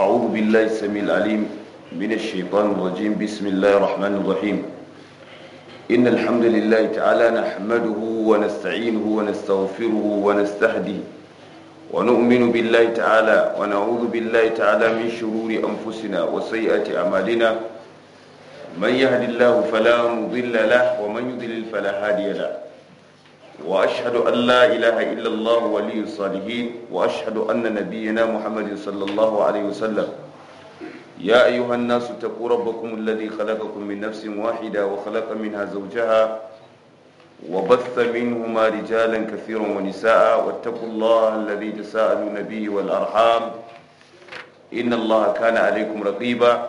أعوذ بالله السميع العليم من الشيطان الرجيم بسم الله الرحمن الرحيم إن الحمد لله تعالى نحمده ونستعينه ونستغفره ونستهديه ونؤمن بالله تعالى ونعوذ بالله تعالى من شرور أنفسنا وسيئة أعمالنا من يهد الله فلا مضل له ومن يضلل فلا هادي له وأشهد أن لا إله إلا الله ولي الصالحين وأشهد أن نبينا محمد صلى الله عليه وسلم يا أيها الناس اتقوا ربكم الذي خلقكم من نفس واحدة وخلق منها زوجها وبث منهما رجالا كثيرا ونساء واتقوا الله الذي تساءلون به والأرحام إن الله كان عليكم رقيبا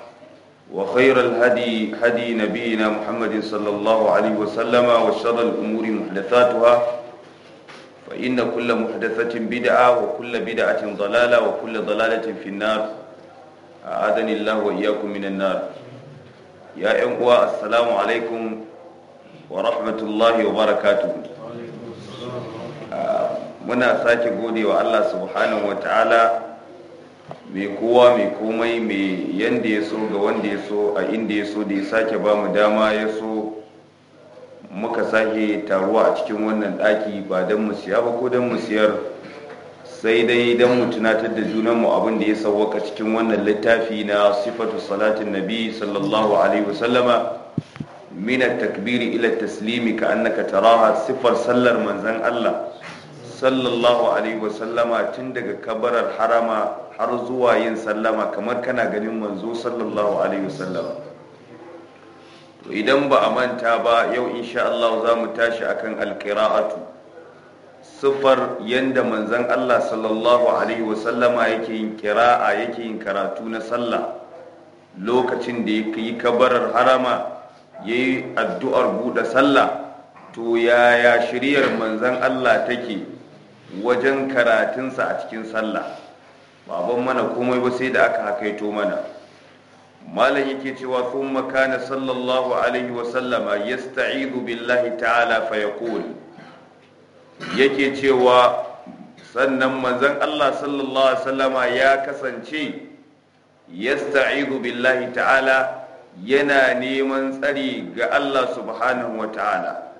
وخير الهدي هدي نبينا محمد صلى الله عليه وسلم وشر الأمور محدثاتها فإن كل محدثة بدعة وكل بدعة ضلالة وكل ضلالة في النار أعاذني الله وإياكم من النار يا إخوة السلام عليكم ورحمة الله وبركاته منا ساكي قولي وعلا سبحانه وتعالى mai kowa mai komai mai yadda ya so ga wanda ya so a inda ya so da ya sake ba mu dama ya so muka sake taruwa a cikin wannan ɗaki ba don mu siya ba ko don mu siyar sai dai don mu tunatar da junanmu abin da ya sauwaka cikin wannan littafi na sifatu salatin nabi sallallahu alaihi wasallama min takbiri ila taslimi ka annaka taraha sifar sallar manzon Allah sallallahu alaihi wasallama tun daga kabarar harama har zuwa yin sallama kamar kana ganin manzo sallallahu alaihi wasallama to idan ba a manta ba yau insha Allah za mu tashi akan alqira'atu sifar yanda manzon Allah sallallahu alaihi wasallama yake yin qira'a yake yin karatu na sallah lokacin da ya yi kabarar harama ya yi addu'ar buɗe sallah to yaya shiryar manzan Allah take wajen karatunsa a cikin sallah baban mana komai ba sai da aka hakaito mana malam yake cewa sun makana sallallahu alaihi wasallama ya sta'idu billahi ta'ala fayakul yake cewa sannan manzan allah sallallahu alaihi wasallama ya kasance ya sta'idu billahi ta'ala yana neman tsari ga allah subhanahu wa ta'ala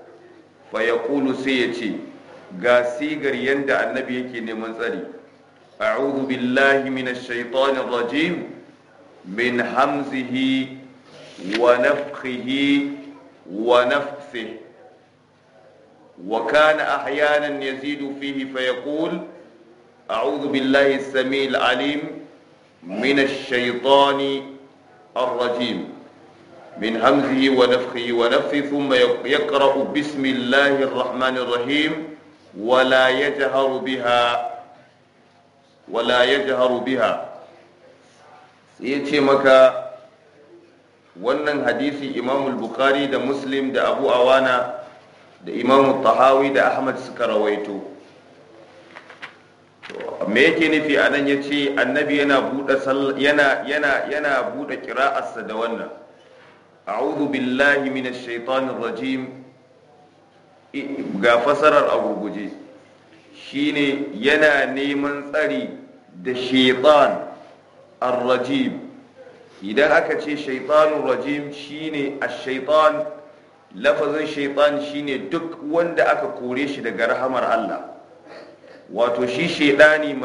fayakulu sai ya ce ga sigar yadda annabi yake neman tsari a'udhu billahi minash shaitani rajim min hamzihi wa nafthihi wa nafsi wa kana ahyana yazidu fihi fayaqul a'udhu billahi as-sami'il 'alim minash shaitani الرجيم من همزه ونفخه ونفثه ثم يقرأ بسم الله الرحمن الرحيم ولا يجهر بها ولا يجهر بها yace maka wannan hadisi imam bukhari da muslim da abu awana da imam tahawi da ahmad suka rawaito me yake nufi a nan ya ce annabi yana buɗe yana yana yana buɗe ƙira'arsa da wannan a'udhu billahi minash shaitanir rajim ga fasarar a gurguje shine yana neman tsari da shaitan ar-rajim idan aka ce shaitanun rajim shine ash-shaitan lafazin shaitan shine duk wanda aka kore shi daga rahamar Allah wato shi shaidani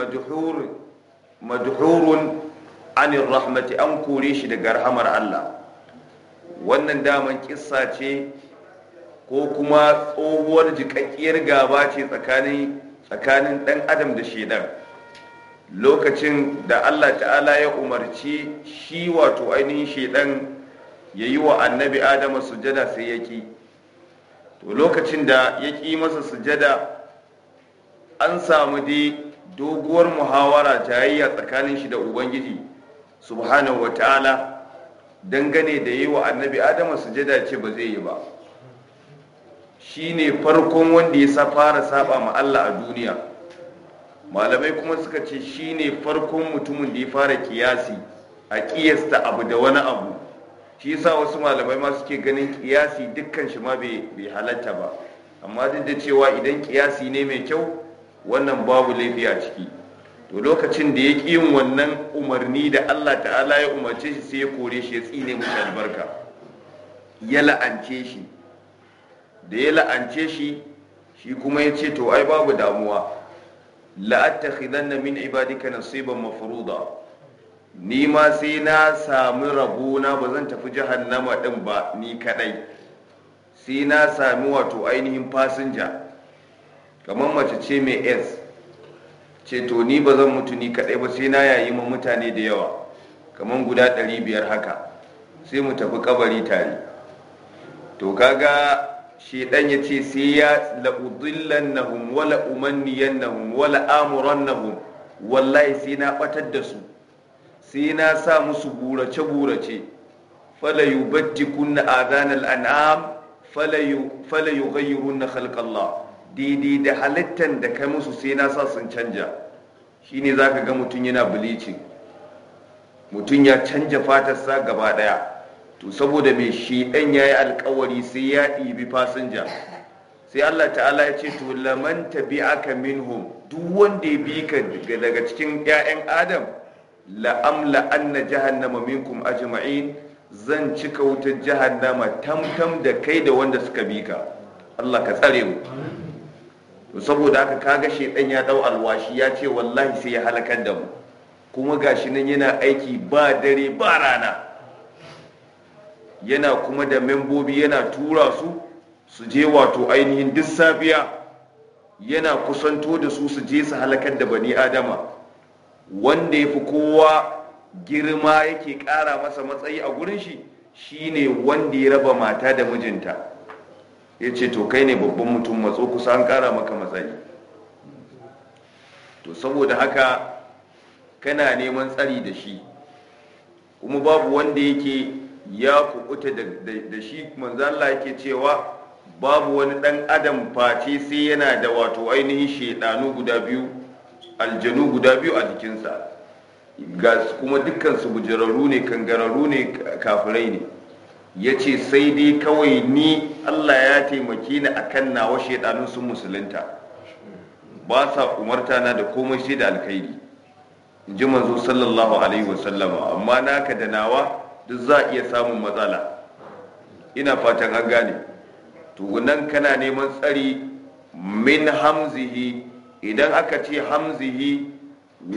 madhurun anin rahmati an kore shi daga rahamar Allah wannan daman kissa ce ko kuma tsohuwar jiƙaƙƙiyar gaba ce tsakanin tsakanin dan adam da shedan lokacin da Allah ta'ala ya umarci shi wato ainihin shedan ya yi wa annabi adama sujada sai ya ki to lokacin da ya ki masa sujada an samu dai doguwar muhawara jayayya tsakanin shi da ubangiji subhanahu wa ta'ala dangane da yi wa annabi adama sujada ce ba zai yi ba shine farkon wanda ya fara saba ma Allah a duniya malamai kuma suka ce shine farkon mutumin da ya fara kiyasi a kiyasta abu da wani abu shi yasa wasu malamai ma suke ganin kiyasi dukkan shi ma bai halatta ba amma duk da cewa idan kiyasi ne mai kyau wannan babu laifi a ciki to lokacin da ya ƙi yin wannan umarni da Allah ta'ala ya umarce shi sai ya kore shi ya tsine mutane barka. ya la'ance shi da ya la'ance shi shi kuma ya ce to ai babu damuwa na min ibadika nasiban mafruda ni ma sai na sami rabona ba zan tafi jahannama din ba ni kadai sai na sami wato ainihin fasinja kamar mace ce mai s ce to ni ba zan mutu ni kadai ba sai na yayi ma mutane da yawa kamar guda 500 haka sai mu tafi kabari tare to kaga shedan ya ce sai ya la'udillannahum wa la'umanniyannahum wa la'amurannahum wallahi sai na batar da su sai na sa musu burace burace fala yubaddikunna al an'am fala fala yughayyirunna khalqallah daidai da halittan da kai musu sai na sa sun canja shine zaka ga mutum yana bleaching mutum ya canja sa gaba daya to saboda mai shi ɗan ya yi alkawari sai ya ɗibi fasinja sai allah ta'ala ya ce to laman tabi aka minhum duk wanda ya bi ka daga cikin 'ya'yan adam la'amla anna jahannama minkum ajma'in zan cika wutar jahannama tamtam da kai da wanda suka bi ka allah ka tsare mu to saboda haka kaga ɗan ya dau alwashi ya ce wallahi sai ya halakar da mu kuma gashi nan yana aiki ba dare ba rana yana kuma da membobi yana tura su su je wato ainihin duk safiya yana kusanto da su su je su halakar da bani adama wanda ya fi kowa girma yake ƙara masa matsayi a gurin shi shi ne wanda ya raba mata da mijinta ya ce to kai ne babban mutum matso kusa an ƙara maka matsayi to saboda haka kana neman tsari da shi kuma babu wanda yake ya kubuta da shi manzo Allah yake cewa babu wani ɗan adam face sai yana da wato ainihin shaidanu guda biyu aljanu guda biyu a jikinsa ga kuma dukkan su ne kangararru ne kafirai ne ya ce sai dai kawai ni Allah ya taimake ni kan nawa shaidanun sun musulunta ba sa umarta na da komai sai da alkhairi in ji manzo sallallahu alaihi wasallama amma naka da nawa duk za a iya samun matsala ina fatan an gane tugunan kana neman tsari min hamzihi idan aka ce hamzihi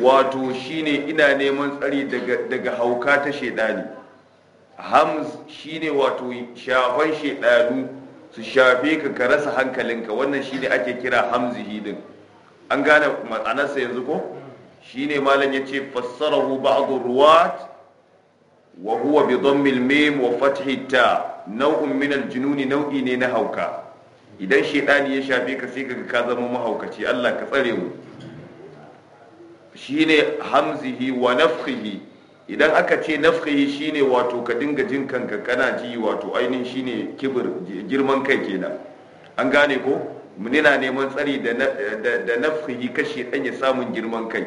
wato shine ina neman tsari daga hauka ta shaidani hamz shine wato shafan shaidanu su shafe ka ka rasa hankalinka wannan shine ake kira hamzihi din an gane matsanarsa yanzu ko shine malam ya yace fassarahu ba'd ruwat wa huwa bi dhammil mim wa fathi ta nau'un jununi nau'i ne na hauka idan shedani ya shafe ka sai kaga ka zama mahaukaci Allah ka tsare mu shine hamzihi wa nafkhihi idan aka ce nafkhihi shine wato ka dinga jin kanka kana ji wato ainin shine kibir girman kai kenan an gane ko muna neman tsari da da nafkhihi kashi dan ya samun girman kai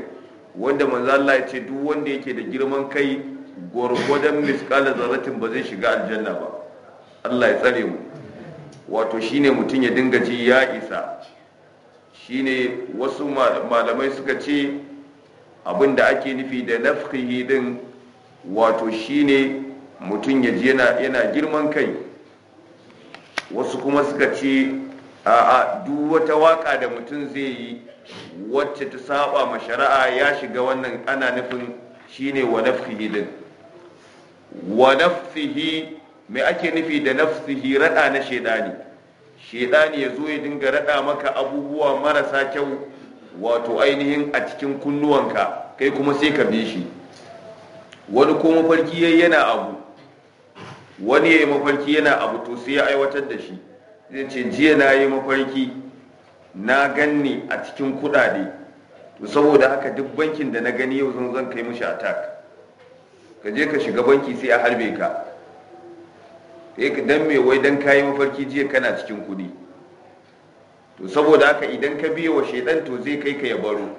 wanda manzo Allah ya ce duk wanda yake da girman kai gwargwadon miskala zarratin ba zai shiga aljanna ba Allah ya tsare mu wato shine mutum ya dinga ji ya isa shine wasu malamai suka ce abin da ake nufi da nafkihi din wato shine mutum ya ji yana girman kai wasu kuma suka ce a duk wata waka da mutum zai yi wacce ta saba ma shari'a ya shiga wannan ana nufin shine wa nafkihi din wa nafsihi me ake nufi da nafsihi rada na shedani shedani ya zo ya dinga rada maka abubuwa marasa kyau wato ainihin a cikin kunnuwanka kai kuma sai ka bi shi wani ko mafarki yayi yana abu wani yayi mafarki yana abu to sai ya aiwatar da shi zai ce jiya na yi mafarki na ganni a cikin kudade to saboda haka duk bankin da na gani yau zan zan kai mishi attack ka je ka shiga banki sai a harbe ka eh, dan me wai dan kayi mafarki jiya kana cikin kudi to saboda haka idan ka biye wa shaidan to zai kai ka ya baro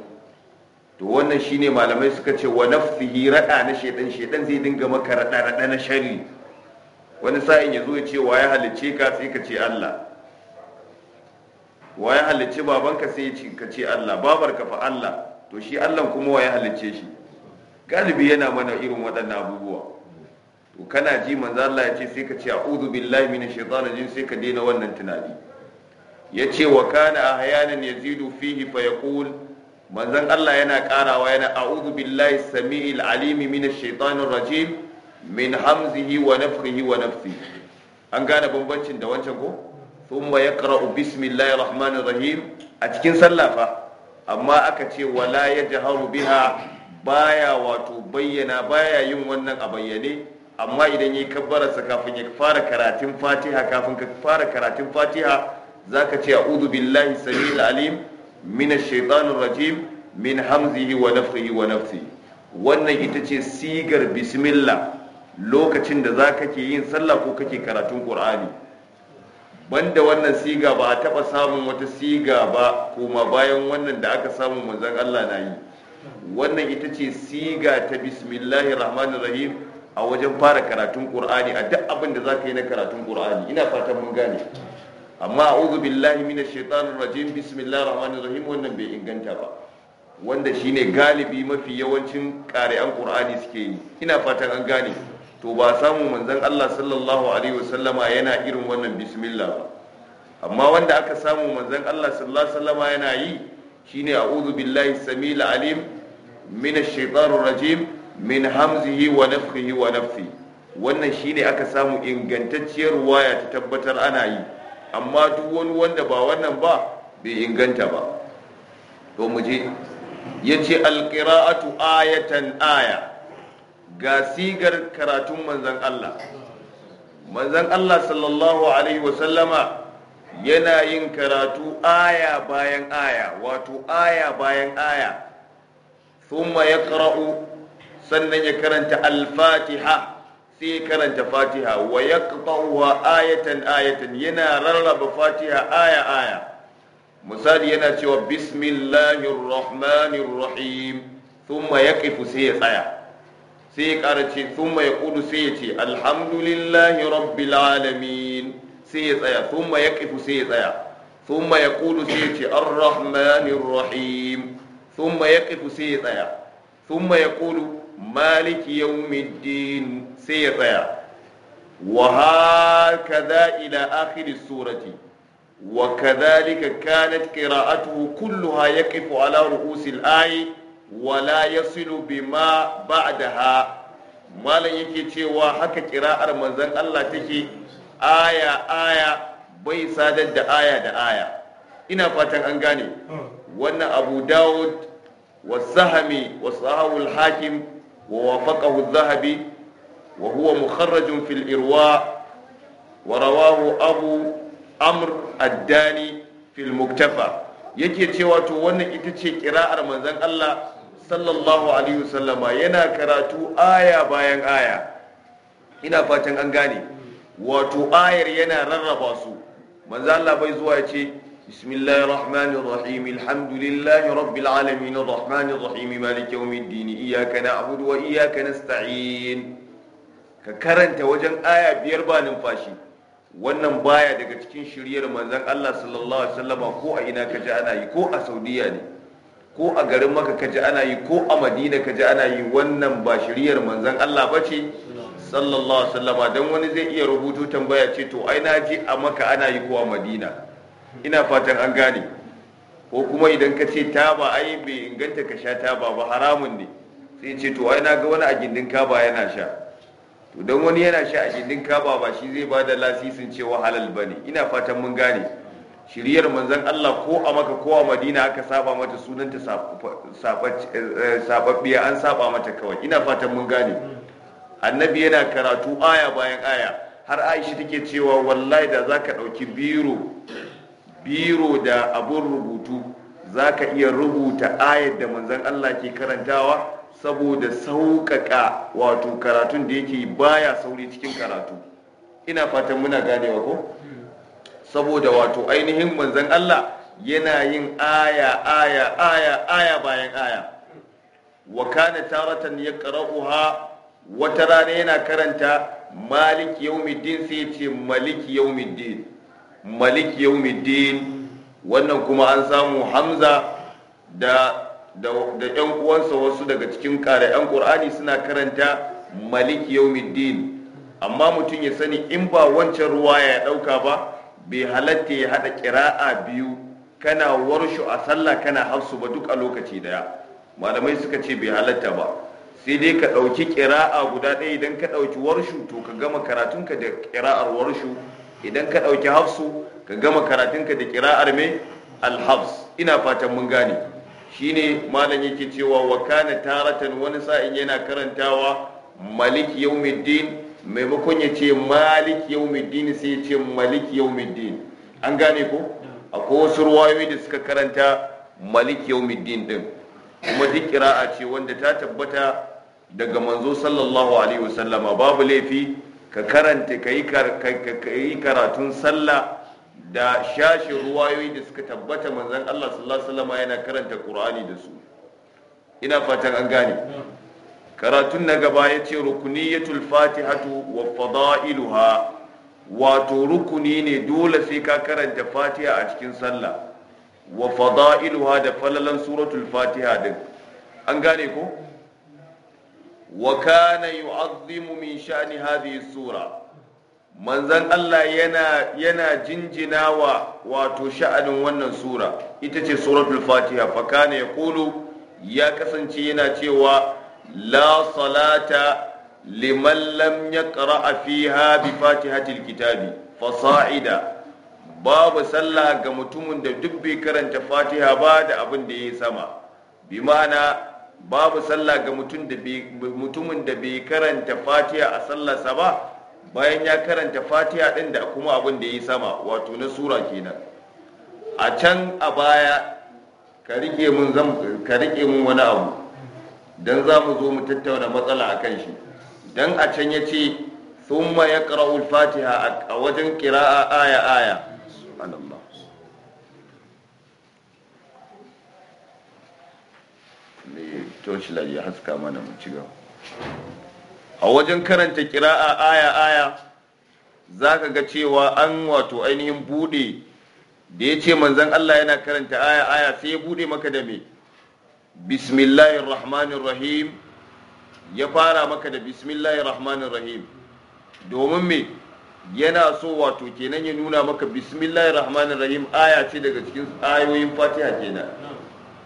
to wannan shine malamai suka ce wa nafsihi rada na shaidan shaidan zai dinga maka rada rada na shari wani sa'in ya zo ya ce wa ya halicce ka sai ka ce Allah wa ya halicce babanka sai ka ce Allah babarka fa Allah to shi Allah kuma wa ya halicce shi galibi yana mana irin waɗannan abubuwa to kana ji manzo Allah ya ce sai ka ce a'udhu billahi minash shaitanir rajim sai ka daina wannan tunani yace wa kana ahyanan yazidu fihi fa yaqul manzon Allah yana karawa yana a'udhu billahi samiil alim minash shaitanir rajim min hamzihi wa nafthihi wa nafsi. an gane bambancin da wancan ko thumma yaqra'u bismillahir rahmanir rahim a cikin sallah fa amma aka ce wala yajharu biha baya wato bayyana baya yin wannan a bayyane amma idan yayi kabbararsa kafin ya fara karatun fatiha kafin ka fara karatun fatiha za ka ce a'udhu billahi samil alim mina shaitanir rajim min hamzihi wa nafthihi wa nafsi. wannan ita ce sigar bismillah lokacin da za ka ke yin sallah ko kake karatun ƙur'ani banda wannan siga ba a taɓa samun wata siga ba kuma bayan wannan da aka samu manzon Allah na yi wannan ita ce siga ta bismillahir rahmanir rahim a wajen fara karatun qur'ani a duk abin da zaka yi na karatun qur'ani ina fatan mun gane amma a'udhu billahi minash shaitanir rajim bismillahir rahmanir rahim wannan bai inganta ba wanda shine galibi mafi yawancin ƙari'an qur'ani suke yi ina fatan an gane to ba samu manzon Allah sallallahu alaihi wasallama yana irin wannan bismillah ba amma wanda aka samu manzon Allah sallallahu alaihi wasallama yana yi shine a'udhu billahi samil alim min ash-shaytanir rajim min hamzihi wa nafthihi wa nafthi wannan shine aka samu ingantacciyar waya ta tabbatar ana yi amma duk wani wanda ba wannan ba bai inganta ba to mu je yace alqira'atu ayatan aya ga sigar karatun manzon Allah manzon Allah sallallahu alaihi wa sallama yana yin karatu aya bayan aya wato aya bayan aya thumma ya ƙara'u sannan ya karanta alfatiha sai ya karanta fatiha wa ya ayatan ayatan yana rarraba fatiha aya aya misali yana cewa bismillahir rahmanir rahim thumma ya sai ya tsaya sai ya ƙara thumma ya ƙudu sai ya ce alhamdulillahi rabbil alamin sai ya tsaya thumma yaqifu sai ya tsaya thumma yaqulu sai ya ce ar-rahmanir rahim thumma yaqifu sai ya tsaya thumma yaqulu maliki yawmiddin sai ya tsaya وهكذا إلى آخر السورة وكذلك كانت قراءته كلها يقف على رؤوس الآية ولا يصل بما بعدها ما لن يكي تشيوا حكا قراءة رمضان الله تكي aya aya bai sadar da aya da aya ina fatan an gane wannan abu dawud wa sahami wa sahawul hakim wa wafaqahu zahabi wa huwa mukharrajun fil irwa wa rawahu abu amr addani fil muktafa yake cewa to wannan ita ce kira'ar manzon Allah sallallahu alaihi wasallama yana karatu aya bayan aya ina fatan an gane wato ayar yana rarraba su manzo Labai zuwa yace, ce bismillahir rahmanir rahim alhamdulillahi rabbil alamin arrahmanir rahim maliki yawmiddin iyyaka na'budu wa ka karanta wajen aya biyar ba numfashi wannan baya daga cikin shiryar manzon Allah sallallahu alaihi ko a ina kaje ana yi ko a Saudiya ne ko a garin Makka kaje ana yi ko a Madina kaje ana yi wannan ba shiryar manzon Allah bace sallallahu alaihi wasallama dan wani zai iya rubutu tambaya ce to ai na ji a maka ana yi ko a madina ina fatan an gane ko kuma idan ka ce ta ba ai bai inganta ka sha taba ba haramun ne sai ce to ai na ga wani a gindin kaba yana sha to don wani yana sha a gindin kaba ba shi zai ba da lasisin cewa halal ba ne ina fatan mun gane shiriyar manzon Allah ko a maka ko a madina aka saba mata sunanta eh, eh, sababbiya an saba mata kawai ina fatan mun gane annabi yana karatu aya bayan aya har aisha take cewa wallahi da zaka ɗauki biro biro da abun rubutu zaka iya rubuta ayar da manzon Allah ke karantawa saboda sauƙaƙa wato karatun da yake baya sauri cikin karatu ina fatan muna ganewa ko saboda wato ainihin manzon Allah yana yin aya aya aya aya bayan aya wa kana taratan yaqra'uha wata rana yana karanta malik yawmiddin sai ya ce malik yawmiddin malik yawmiddin wannan kuma an samu hamza da yan uwansa wasu daga cikin kare yan Qur'ani suna karanta malik Yaumidin. amma mutum ya sani in ba wancan ruwa ya ɗauka ba bai halatta ya haɗa kira'a biyu kana warshu a sallah kana hafsu ba duk a lokaci daya malamai suka ce bai halatta ba sai dai ka ɗauki ƙira'a guda ɗaya idan ka ɗauki warshu to ka gama karatunka da ƙira'ar warshu idan ka ɗauki hafsu ka gama karatunka da ƙira'ar mai alhafs ina fatan mun gane shine malam yake cewa wa kana taratan wani sa'in yana karantawa malik yawmiddin maimakon ya ce malik yawmiddin sai ya ce malik yawmiddin an gane ko akwai wasu ruwayoyi da suka karanta malik yawmiddin din kuma duk kira'a ce wanda ta tabbata daga manzo sallallahu alaihi wasallama babu laifi ka karanta ka yi karatun sallah da shashin ruwayoyi da suka tabbata manzan Allah sallallahu alaihi wasallama yana karanta Qur'ani da su ina fatan an gane karatun na gaba ya ce rukuniyatul fatihatu wa fada'iluha wato rukuni ne dole sai ka karanta fatiha a cikin sallah wa fada'iluha da falalan suratul fatiha din an gane ko wa kana yu'azzimu min sha'ni hadhihi sura manzan Allah yana yana jinjinawa wato sha'anin wannan sura ita ce suratul fatiha fa kana yaqulu ya kasance yana cewa la salata liman lam yaqra fiha bi fatihatil kitabi fasa'ida babu sallah ga mutumin da duk bai karanta fatiha ba da abin da ya sama bi ma'ana babu sallah ga mutumin da bai karanta fatiha a sallarsa ba bayan ya karanta fatiha din da kuma abin da ya yi sama wato na sura kenan a can a baya ka rike mun wani abu don za mu zo mu tattauna matsala a kan shi don a can ya ce sun ma ya ƙara'ul fatiha a wajen ƙira'a aya aya torchlight ya haska mana mu ci gaba a wajen karanta kira'a aya aya za ka ga cewa an wato ainihin bude da ya ce manzan Allah yana karanta aya aya sai ya bude maka da me bismillahir rahmanir rahim ya fara maka da bismillahir rahmanir rahim domin me yana so wato kenan ya nuna maka bismillahir rahmanir rahim aya ce daga cikin ayoyin fatiha kenan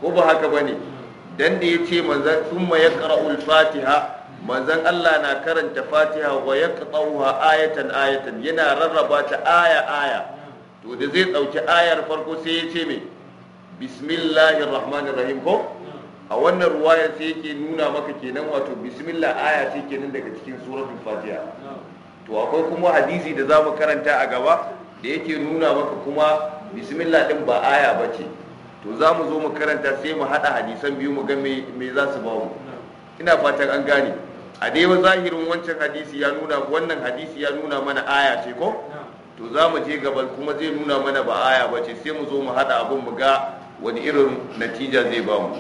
ko ba haka bane dan da ya ce manzan ya yaqra'ul fatiha manzan Allah na karanta fatiha wa yaqta'uha ayatan ayatan yana rarraba ta aya aya to da zai dauki ayar farko sai ya ce me bismillahir rahmanir rahim ko a wannan ruwayar sai yake nuna maka kenan wato bismillah aya ce kenan daga cikin suratul fatiha to akwai kuma hadisi da za mu karanta a gaba da yake nuna maka kuma bismillah din ba aya ba ce. to za mu zo mu karanta sai mu haɗa hadisan biyu mu ga me za su ba mu ina fatan an gane a dai zahirin wancan hadisi ya nuna wannan hadisi ya nuna mana aya ce ko to za mu je gaba kuma zai nuna mana ba aya ba ce sai mu zo mu haɗa abin mu ga wani irin natija zai ba mu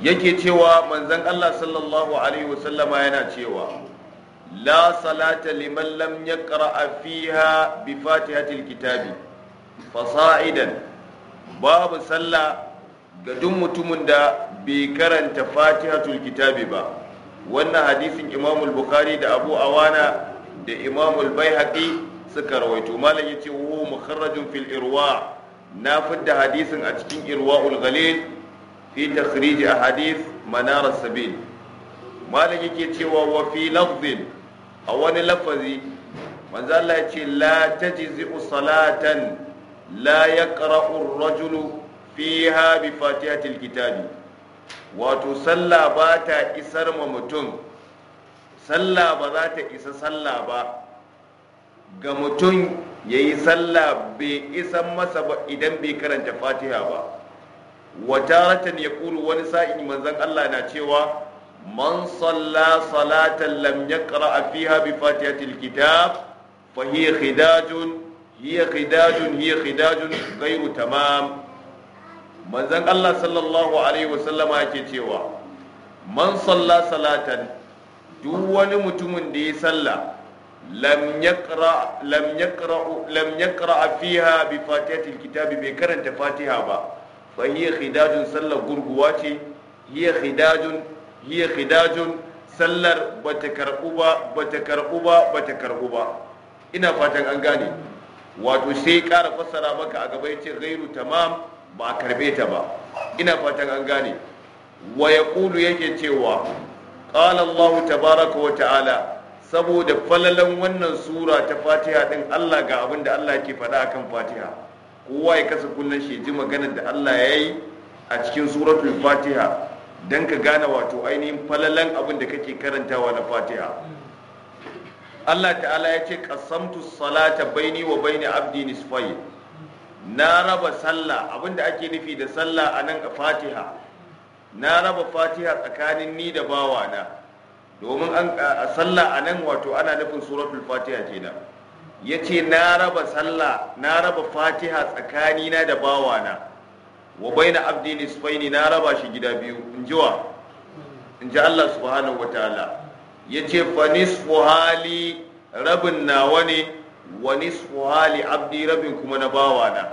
yake cewa manzon Allah sallallahu alaihi wasallama yana cewa la salata liman lam yaqra fiha bi fatihatil kitabi fasa'idan babu sallah ga duk mutumin da bai karanta fatihatul kitabi ba wannan hadisin imamul bukhari da abu awana da imamul baihaqi suka rawaito malam yace wa mukharrajun fil irwa na fidda hadisin a cikin irwaul ghalil fi takhrij ahadith manar as-sabil malam yake cewa wa fi lafzin a wani lafazi manzo Allah yace la tajzi salatan la yaqra'u ar-rajulu fiha bi wato sallah ba ta isar ma mutum sallah ba za ta isa sallah ba ga mutum ya yi sallah bai isan masa ba idan bai karanta fatiha ba wataratan ya kulu wani sa'in manzan Allah na cewa man salla salatan lam yaqra fiha bi fatihatil kitab fa hiya khidajun hiya khidajun hiya khidajun ghairu tamam manzon Allah sallallahu alaihi wasallama yake cewa man salla salatan duk wani mutumin da ya salla lam yaqra lam yaqra lam bai karanta fatiha ba fa hiya khidajun sallar gurguwa ce hiya khidajun hiya sallar bata karbu ba karbu ba karbu ba ina fatan an gane wato sai kara fassara maka a gaba yace ghairu tamam ba a karbe ta ba ina fatan an gane wa yaqulu yake cewa qala Allah tabaraka wa ta'ala saboda falalan wannan sura ta Fatiha din Allah ga abin da Allah yake faɗa akan Fatiha kowa ya kasa kullun shi ji maganar da Allah ya yi a cikin suratul Fatiha dan ka gane wato ainihin falalan abin da kake karantawa na Fatiha Allah ta'ala ya ce qasamtu salata baini wa baini abdi Nisfai. na raba sallah abinda ake nufi da sallah anan a Fatiha na raba Fatiha tsakanin ni da bawana domin an a sallah anan wato ana nufin suratul Fatiha kenan Ya ce na raba sallah na raba Fatiha tsakanina da bawana wa baina abdi nisfayn na raba shi gida biyu in jiwa. In ji Allah subhanahu wa ta'ala. ya ce fanis hali rabin nawa ne wani hali abdi rabin kuma na bawana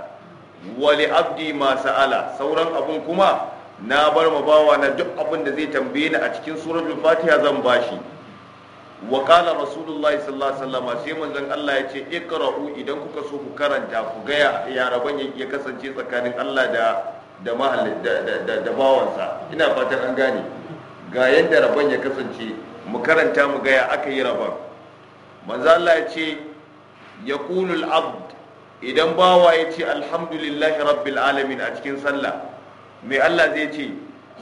wali abdi masu ala sauran abin kuma na bar ma bawana duk abin da zai tambaye ni a cikin suratul fatiha zan bashi wa qala rasulullahi sallallahu alaihi wasallam sai manzon Allah ya ce iqra'u idan kuka so ku karanta ku ga ya rabon ya kasance tsakanin Allah da da mahallin da da bawansa ina fatan an gane ga yadda rabon ya kasance mu karanta mu gaya aka yi rabar. manzo Allah ya ce kulul abd idan bawa ya ce alhamdulillahi rabbil alamin a cikin sallah mai Allah zai ce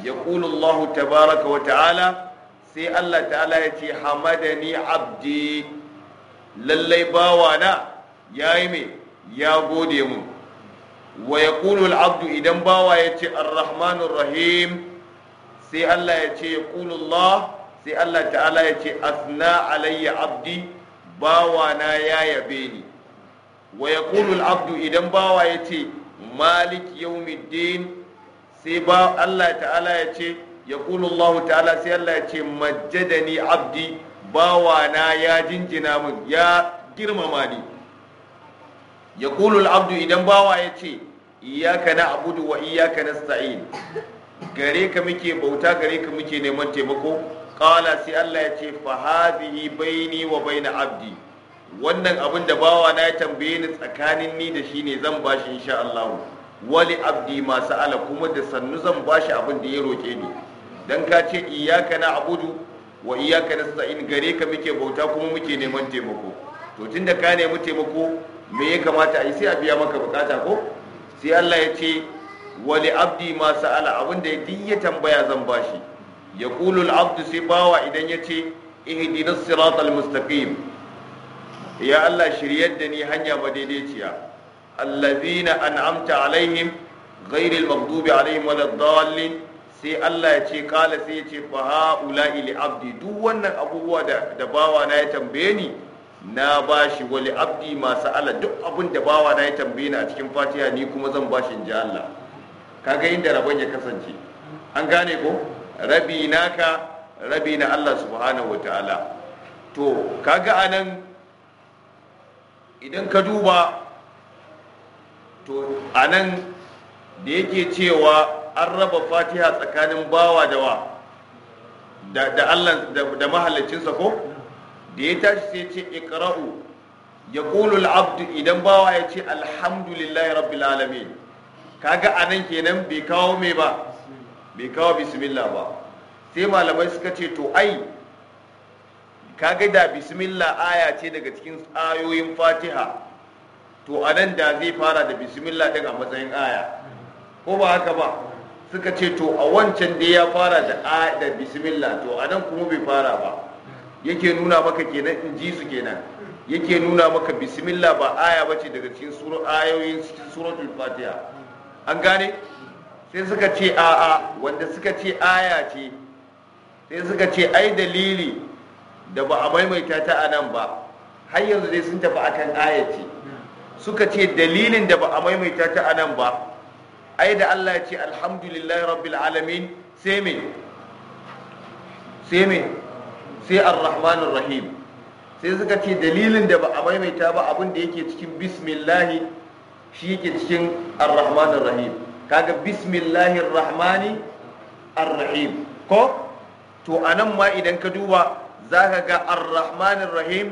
yaqulullahu tabaraka wa ta'ala sai Allah ta'ala ya ce hamadani abdi lallai bawa na yi me ya gode mu wa kulul abdu idan bawa ya ce arrahmanur rahim sai Allah ya ce yaqulullahu sai Allah ta'ala ya ce asna alayya abdi bawana ya yabe ni wa yaqulu abdu idan bawa ya ce malik yawmiddin sai ba Allah ta'ala ya ce yaqulu Allah ta'ala sai Allah ya ce majjadani abdi bawana ya jinjina min ya girmama ni yaqulu abdu idan bawa ya ce iyyaka na'budu wa iyyaka nasta'in gare ka muke bauta gare ka muke neman taimako Ƙala sai Allah ya ce fa baini wa baina abdi wannan abin da bawa na ya tambaye ni tsakanin ni da shi ne zan bashi insha Allah wali abdi masu ala, kuma da sannu zan bashi abin da ya roƙe ni dan ka ce iyyaka na'budu wa iyyaka nasta'in gare ka muke bauta kuma muke neman taimako to tunda ka nemi taimako me ya kamata a yi sai a biya maka bukata ko sai Allah ya ce wali abdi masu ala abin da ya tambaya zan bashi ya ƙulul abdu sai bawa idan ya ce ihdina sirat al-mustaqim ya Allah shiryar da ni hanya madaidaiciya allazina an'amta alaihim ghairil maghdubi alaihim waladdallin sai Allah ya ce kala sai ya ce fa haula'i ila abdi duk wannan abubuwa da bawa na ya tambaye ni na bashi wali abdi masu ala duk abin da bawa na ya tambaye ni a cikin fatiha ni kuma zan bashi in ji Allah kaga inda rabon ya kasance an gane ko rabi naka rabi na Allah subhanahu wataala to kaga anan idan ka duba to anan da yake cewa an raba fatiha tsakanin bawa da wa da Allah da ko da ya tashi sai ce iqra'u ya kulul abdu idan bawa ya ce alhamdulillahi rabbil alamin kaga anan kenan bai kawo mai ba bai kawo bismillah ba sai malamai suka ce to ai kaga da bismillah aya ce daga cikin ayoyin fatiha to a da zai fara da bismillah ɗin a matsayin aya ko ba haka ba suka ce to a wancan da ya fara da da bismillah to a kuma bai fara ba yake nuna maka kenan in ji su kenan yake nuna maka bismillah ba aya bace daga cikin suratul fatiha an gane sai suka ce a'a wanda suka ce aya ce sai suka ce ai dalili da ba a maimaita ta a nan ba har yanzu dai sun tafi akan aya ce suka ce dalilin da ba a maimaita ta a nan ba ai da Allah ya ce alhamdulillahi rabbil alamin sai me sai me sai ar rahim sai suka ce dalilin da ba a maimaita ba abin da yake cikin bismillah shi yake cikin ar rahim kaga bismillahir rahmani ar ko to anan ma idan ka duba zaka ga ar-rahmanir rahim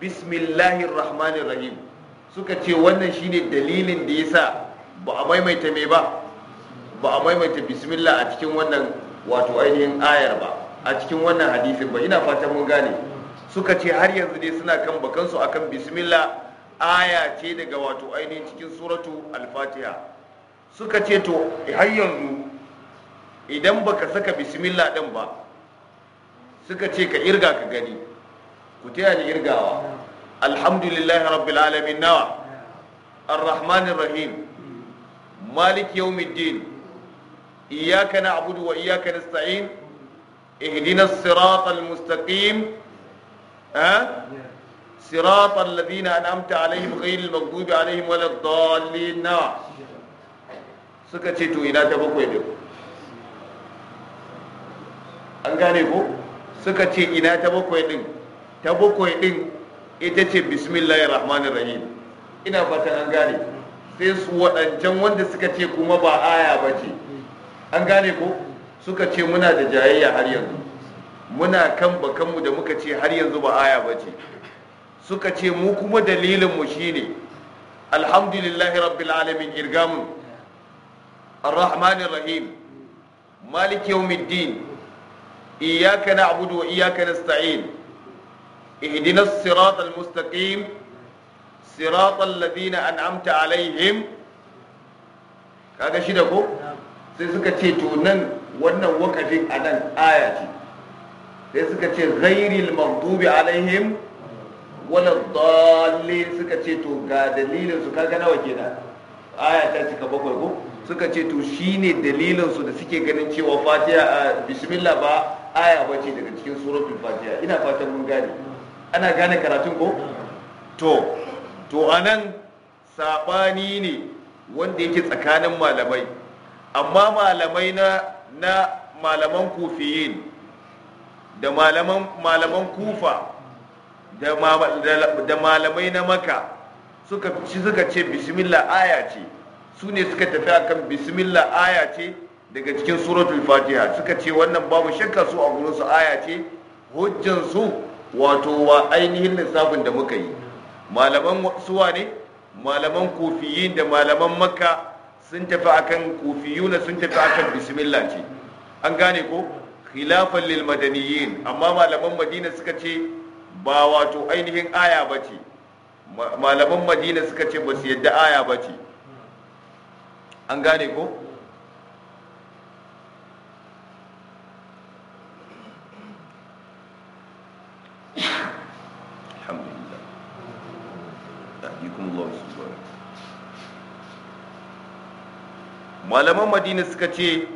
bismillahir rahmanir rahim suka ce wannan shine dalilin da yasa ba a maimaita me ba ba a maimaita bismillah a cikin wannan wato ainihin ayar ba a cikin wannan hadisin ba ina fatan mun gane suka ce har yanzu dai suna kan bakansu akan bismillah aya ce daga wato ainihin cikin suratu al-fatiha suka ce to har yanzu idan baka saka bismillah din ba suka ce ka irga ka gani ku taya ni irgawa alhamdulillahi rabbil alamin nawa arrahmanir rahim malik yawmiddin iyyaka na'budu wa iyyaka nasta'in ihdinas siratal mustaqim ha صراط الذين أنعمت عليهم غير المغضوب عليهم ولا الضالين suka ce to ina ta bakwai ne an gane ko suka ce ina ta bakwai din ta bakwai din ita ce bismillahir rahmanir rahim ina fatan an gane sai su waɗancan wanda suka ce kuma ba aya ba ce an gane ko suka ce muna da jayayya har yanzu muna kan bakanmu da muka ce har yanzu ba aya ba ce suka ce mu kuma dalilinmu shine alhamdulillahi rabbil alamin irgamun الرحمن الرحيم مالك يوم الدين إياك نعبد وإياك نستعين اهدنا الصراط المستقيم صراط الذين أنعمت عليهم kaga shi da ko sai suka ce to nan wannan wakafin a nan aya ce sai suka ce ghairil maghdubi alaihim suka ce to aya bakwai ko suka ce to shine ne dalilinsu da suke ganin cewa fatiha a bismillah ba aya ce daga cikin suratul fatiha ina fatan mun gane ana gane karatun ko to to anan sabani ne wanda yake tsakanin malamai amma malamai na na malaman kufiyin da malaman malaman kufa da malamai na maka suka suka ce bismillah aya ce su ne suka tafi akan bismillah aya ce daga cikin suratul fatiha suka ce wannan babu shakka su a gurinsu aya ce hujjansu wato wa ainihin lissafin da muka yi malaman suwa ne malaman kofiyin da malaman makka sun tafi akan kofiyuna sun tafi akan bismillah ce an gane ko khilafan lil madaniyin amma malaman madina suka ce ba wato ainihin aya bace malaman madina suka ce ba su yadda aya bace an gane ko malaman madina suka ce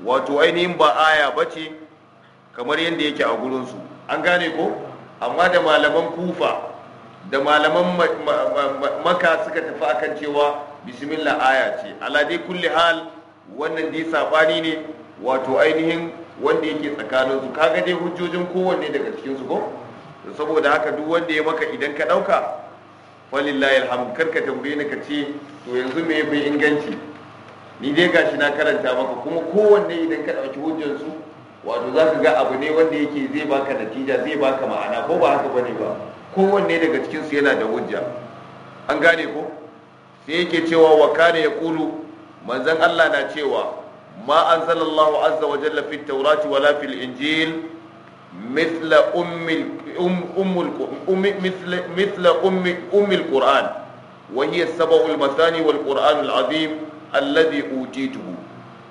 wato ainihin ba aya ba ce kamar yadda yake a gurinsu an gane ko amma da malaman kufa da malaman maka suka tafi akan cewa bismillah aya ce alade kulli hal wannan dai sabani ne wato ainihin wanda yake tsakanin su kaga dai hujjojin kowanne daga cikin su ko saboda haka duk wanda ya maka idan ka dauka walillahi alhamd kar tambaye ni ka ce to yanzu me bai inganci ni dai gashi na karanta maka kuma kowanne idan ka dauki hujjar su wato za ka ga abu ne wanda yake zai baka natija zai baka ma'ana ko ba haka bane ba kowanne daga cikin su yana da hujja an gane ko sai yake cewa wa kana yaqulu manzon Allah na cewa ma an anzalallahu azza wa jalla fit tawrati wala fil injil mithla ummi um, ummul ummi mithla mithla ummi ummi alquran wa hiya sab'ul mathani wal quran al azim alladhi utituhu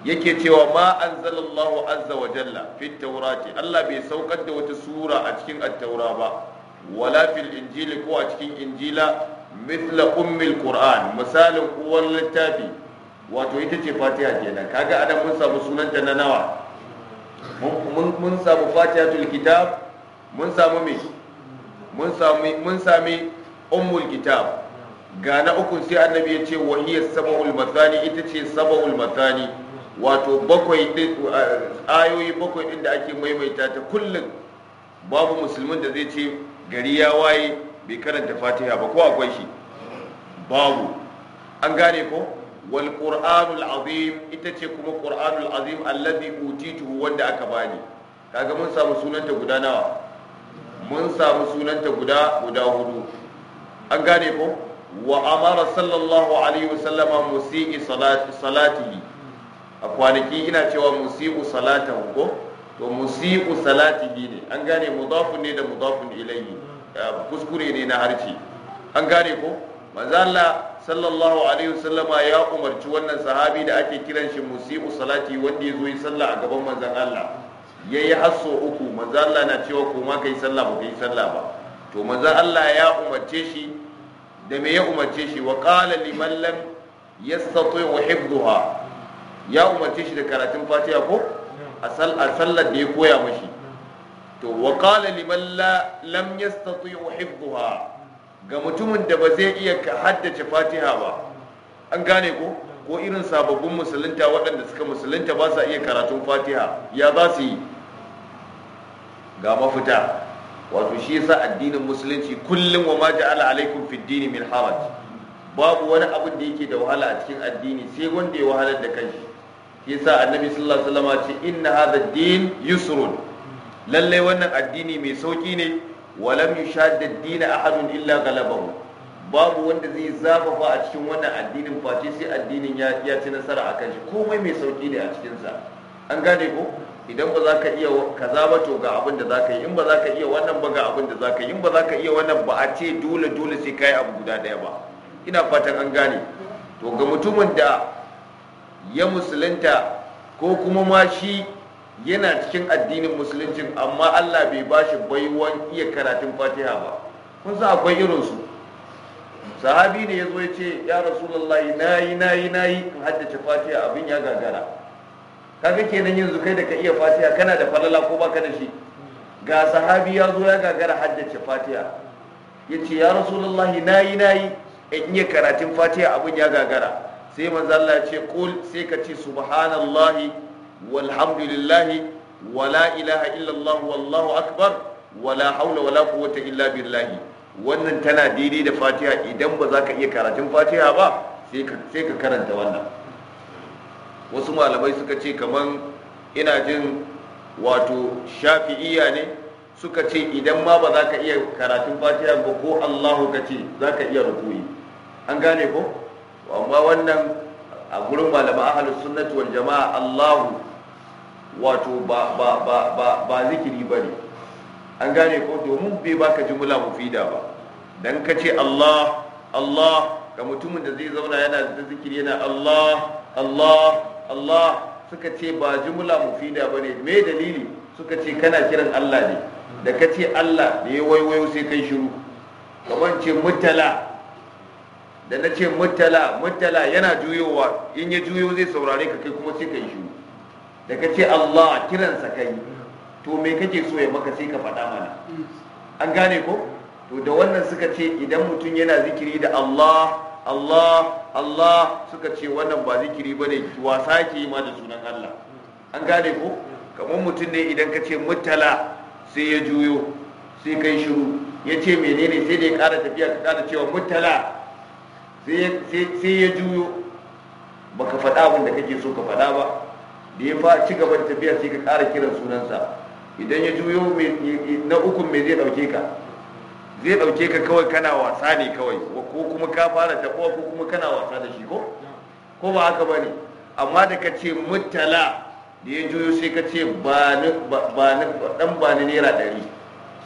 yake cewa ma anzalallahu azza wa jalla fit tawrati Allah bai saukar da wata sura a cikin at-taura ba wala fil injili ko a cikin injila mithla ummil qur'an misalin uwar littafi wato ita ce fatiha kenan kaga adam mun samu sunanta na nawa mun samu tul kitab mun samu me mun sami mun sami ummul kitab ga na uku sai annabi ya ce wa hiya sab'ul mathani ita ce sab'ul mathani wato bakwai din eh, ayoyi bakwai din da ake maimaita ta kullum babu musulmin da zai ce gari ya waye bai karanta fatiha ba ko akwai shi babu an gane ko wal qur'anul azim ita ce kuma qur'anul azim allazi utituhu wanda aka bani kaga mun samu sunanta guda nawa mun samu sunanta guda guda hudu an gane ko wa amara sallallahu alaihi wasallama musi'i salatihi a kwanaki ina cewa musi'u salatahu ko to musi'u salatihi ne an gane mudafun ne da mudafun ilayhi Ah, kuskure ne na harci an gane ko manzala sallallahu alaihi wasallama ya umarci wannan sahabi da ake kiran shi musi'u salati wanda ya zo yi sallah a gaban manzan Allah ya yi hasso uku manzan Allah na cewa ko ma ka yi sallah ba ka yi sallah ba to manzan Allah ya umarce shi da me ya umarce shi wa qala liman lam yastati'u hifdhaha ya umarce shi da karatun fatiha ko a sallar da ya koya mashi to wa qala liman lam yastati'u hifdhaha ga mutumin da ba zai iya haddace fatiha ba an gane ko ko irin sababbin musulunta waɗanda suka musulunta ba sa iya karatun fatiha ya za su yi ga mafita wato shi yasa addinin musulunci kullum wa ma ja'ala alaikum fid dini min haraj babu wani abun da yake da wahala a cikin addini sai wanda ya wahalar da kanshi yasa annabi sallallahu alaihi wasallam ce inna hadha din yusrun lallai wannan addini mai sauki ne walam yushadda dina ahadun illa galabahu babu wanda zai zafafa a cikin wannan addinin face sai addinin ya ya ci nasara akan shi komai mai sauki ne a cikin sa an gane ko idan ba za ka iya kaza ba to ga abin da za ka yi in ba za ka iya wannan ba ga abin da za ka yi in ba za ka iya wannan ba a ce dole dole sai ka yi abu guda daya ba ina fatan an gane to ga mutumin da ya musulunta ko kuma ma shi yana cikin addinin musuluncin amma Allah bai ba shi baiwan iya karatun fatiha ba kun sa akwai irinsu sahabi ne ya zo ya ce ya rasulullahi nayi nayi nayi in haddace fatiha abin ya gagara kaga kenan yanzu kai da ka iya fatiha kana da falala ko baka da shi ga sahabi ya zo ya gagara haddace fatiha ya ce ya rasulullahi nayi nayi in iya karatun fatiha abin ya gagara sai manzo Allah ya ce kul sai ka ce subhanallahi walhamdulillahi wala ilaha illallah wallahu akbar wala haula wala quwwata illa billahi wannan tana daidai da fatiha idan ba za ka iya karatun fatiha ba sai ka karanta wannan wasu malamai suka ce kaman ina jin wato shafi'iya ne suka ce idan ma ba za ka iya karatun fatiha ba ko allahu ka ce za ka iya rukuyi an gane ko amma wannan a gurin malaman ahlus sunnati wal jama'a Allahu wato ba ba ba ba ba zikiri bane an gane ko domin bai baka jumla mufida ba dan ka ce Allah Allah ga mutumin da zai zauna yana da zikiri yana Allah Allah Allah suka ce ba jumla mufida bane me dalili suka ce kana kiran Allah ne da ka ce Allah da ya waiwayo sai kai shiru kamar ce mutala da na ce mutala mutala yana juyowa in ya juyo zai saurare ka kai kuma sai ka yi shiru da ka ce Allah kiransa kai to me kake so ya maka sai ka faɗa mana an gane ko to da wannan suka ce idan mutum yana zikiri da Allah Allah Allah suka ce wannan ba zikiri ba ne wasa ke ma da sunan Allah an gane ko kamar mutum ne idan ka ce mutala sai ya juyo sai kai shiru ya ce menene sai da ya kara tafiya ka kara cewa mutala sai ya juyo baka faɗa abin da kake so ka faɗa ba da ya fa ci gaba da tafiya sai ka ƙara kiran sunansa idan ya juyo na ukun me zai ɗauke ka zai ɗauke ka kawai kana wasa ne kawai ko kuma ka fara taɓuwa ko kuma kana wasa da shi ko ko ba haka ba ne amma da ka ce mutala da ya juyo sai ka ce dan ɗan ba ni naira ɗari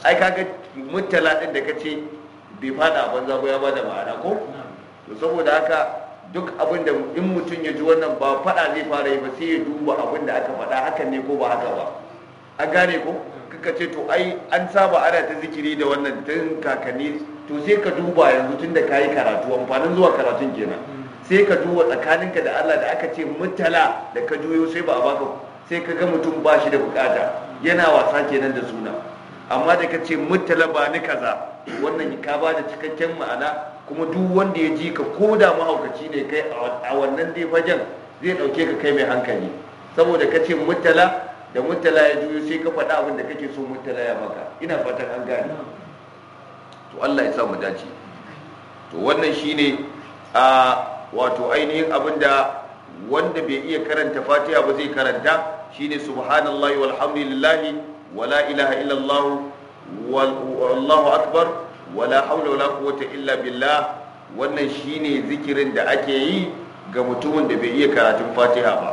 ai kaga mutala ɗin da ka ce bai faɗa banza ba ya ba da ma'ana ko to saboda haka duk abin da in mutum ya ji wannan ba faɗa zai fara yi ba sai ya duba abin da aka faɗa hakan ne ko ba haka ba an gane ko kaka ce to ai an saba ana ta zikiri da wannan tun kakanni to sai ka duba yanzu tun da ka yi karatu amfanin zuwa karatun kenan sai ka duba tsakaninka da Allah da aka ce mutala da ka juyo sai ba a baka sai ka ga mutum ba shi da bukata yana wasa kenan da suna amma da ka ce mutala ba ni kaza wannan ka ba da cikakken ma'ana kuma duk wanda ya ji ka ko da mahaukaci ne kai a wannan dai fajen zai ɗauke ka kai mai hankali saboda ka ce mutala da mutala ya juyo sai ka faɗa abin da kake so mutala ya maka ina fatan an gane to Allah ya sa mu dace to wannan shine a wato ainihin abin da wanda bai iya karanta Fatiha ba zai karanta shine subhanallahi walhamdulillahi wala ilaha illallah wallahu akbar wala haula wala quwwata illa billah wannan shine zikirin da ake yi ga mutumin da bai iya karatun fatiha ba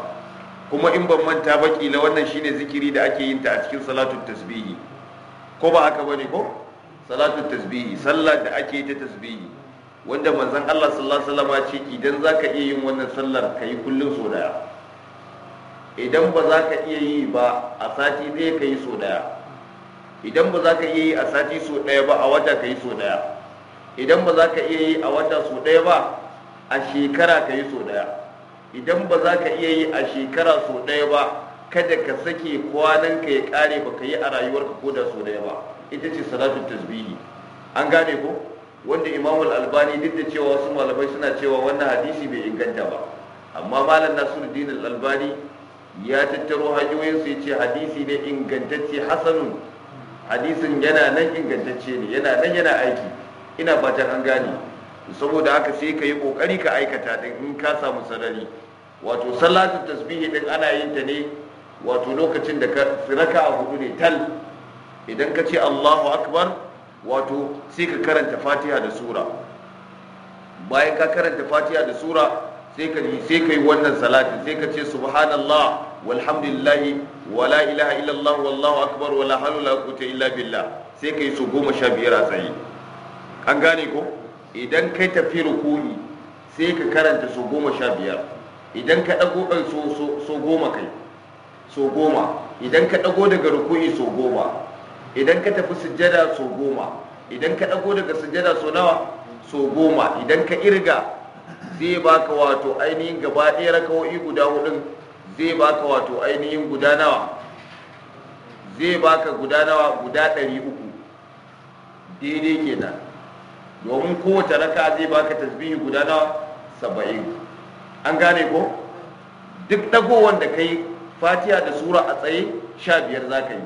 kuma in ban manta ba kila wannan shine zikiri da ake yin ta a cikin salatun tasbihi ko ba haka bane ko salatun tasbihi sallar da ake yi ta tasbihi wanda manzon Allah sallallahu alaihi wasallam ce idan zaka iya yin wannan sallar kai kullun so daya idan ba za ka iya yi ba a sati ɗaya ka yi so daya idan ba za ka iya yi a sati so ɗaya ba a wata ka yi so ɗaya idan ba za ka iya yi a wata so ɗaya ba a shekara ka yi so ɗaya idan ba za ka iya yi a shekara so ɗaya ba kada ka sake kwanan ka ya ƙare ba ka yi a rayuwarka ko da so ɗaya ba ita ce salatu tasbihi an gane ko wanda imamu albani duk da cewa wasu malamai suna cewa wannan hadisi bai inganta ba amma malam nasiruddin al-albani ya tattaro hanyoyin ya ce hadisi ne ingantacce hasanun hadisin yana nan ingantacce ne yana nan yana aiki ina fatan an gane saboda haka sai ka yi kokari ka aikata din in ka samu sarari wato salatin tasbihi din ana yin ta ne wato lokacin da ka raka a hudu ne tal idan ka ce Allahu akbar wato sai ka karanta Fatiha da sura bayan ka karanta Fatiha da sura sai ka yi wannan salatin sai ka ce subhanallah walhamdulillahi wala ilaha illallah wallahu akbar wala hawla wala quwwata illa billah sai kai su goma sha biyar a tsaye an gane ko idan kai tafi rukuni sai ka karanta su goma sha biyar idan ka ɗago ɗan so goma kai so goma idan ka ɗago daga rukuni so goma idan ka tafi sujjada so goma idan ka ɗago daga sujjada so nawa so goma idan ka irga zai baka wato ainihin gaba ɗaya rakawo'i guda huɗun. zai baka wato ainihin guda nawa zai baka guda nawa guda ɗari uku daidai kenan domin kowace raka zai baka tasbihi guda nawa saba'in an gane ko duk dagowar da kai fatiha da sura a tsaye sha biyar za ka yi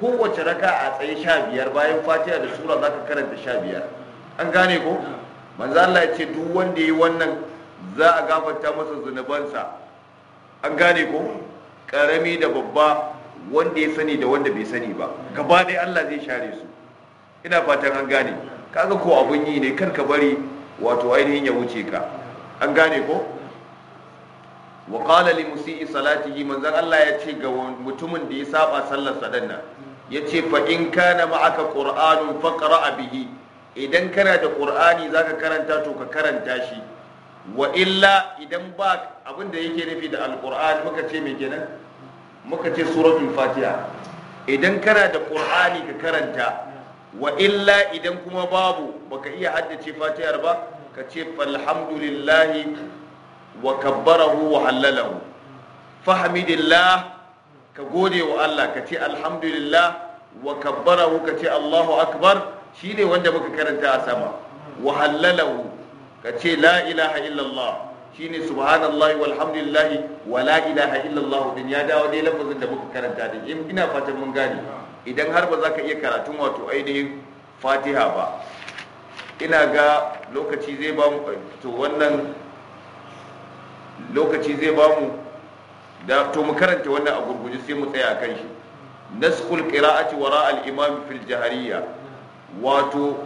kowace raka a tsaye sha biyar bayan fatiha da sura za ka karanta sha biyar an gane ko manzan Allah ya ce duk wanda ya yi wannan za a gafarta masa zunubansa an gane ko karami da babba wanda ya sani da wanda bai sani ba gaba ɗaya Allah zai share su ina fatan an gane kaga ko abun yi ne kan ka bari wato ainihin ya wuce ka an gane ko wa qala li musii salatihi Allah ya ce ga mutumin da ya saba sallar sa danna yace fa in kana ma'aka qur'anun faqra bihi idan kana da qur'ani zaka karanta to ka karanta shi wa illa idan ba abin da yake nufi da alkur'ani muka ce mai kenan muka ce suratul fatiha idan kana da qur'ani ka karanta wa illa idan kuma babu baka iya haddace fatihar ba ka ce falhamdulillahi wa kabbarahu wa hallalahu fahmidillah ka gode wa Allah ka ce alhamdulillah wa kabbarahu ka ce Allahu akbar shine wanda muka karanta a sama wa hallalahu ka ce la ilaha illallah shine subhanallahi walhamdulillahi wa la ilaha illallah din ya dawo dai lafazin da muka karanta din ina fatan mun gane idan har ba za ka iya karatun wato ainihin fatiha ba ina ga lokaci zai ba mu to wannan lokaci zai ba mu da to mu karanta wannan a gurguje sai mu tsaya kan shi nasqul qira'ati wara al-imam fil wato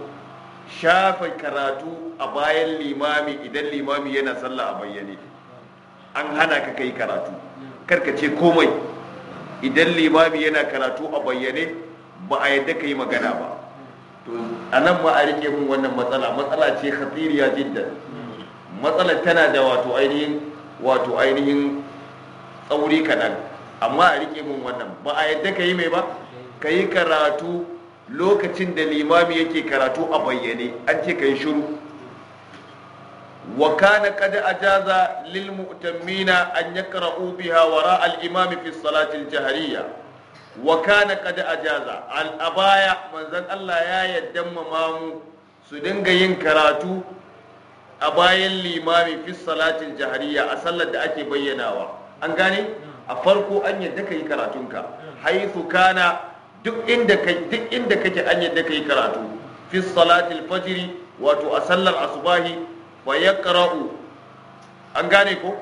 shafa karatu a bayan limami idan limami yana sallah a bayyane an hana ka kai karatu karka ce komai idan limami yana karatu a bayyane ba a yadda ka yi magana ba to a nan ma a rike mun wannan matsala matsala ce khatiriya jiddan matsalar tana da wato ainihin wato ainihin tsauri kaɗan amma a rike mun wannan ba a yadda ka yi mai ba ka yi karatu lokacin da limami yake karatu a bayyane an ce ka yi shiru وكان قد أجاز للمؤتمين أن يقرأوا بها وراء الإمام في الصلاة الجهرية وكان قد أجاز الأبايا من ذن الله يا يدم مامو سدنغ ينكراتو أبايا الإمام في الصلاة الجهرية أصلا أكي بيناوا أنغاني أفرقوا أن يدك يكراتونك حيث كان duk inda kai duk inda kake an yadda kai karatu fi salatil fajri wato a sallar asbahi wa yaqra'u an gane ko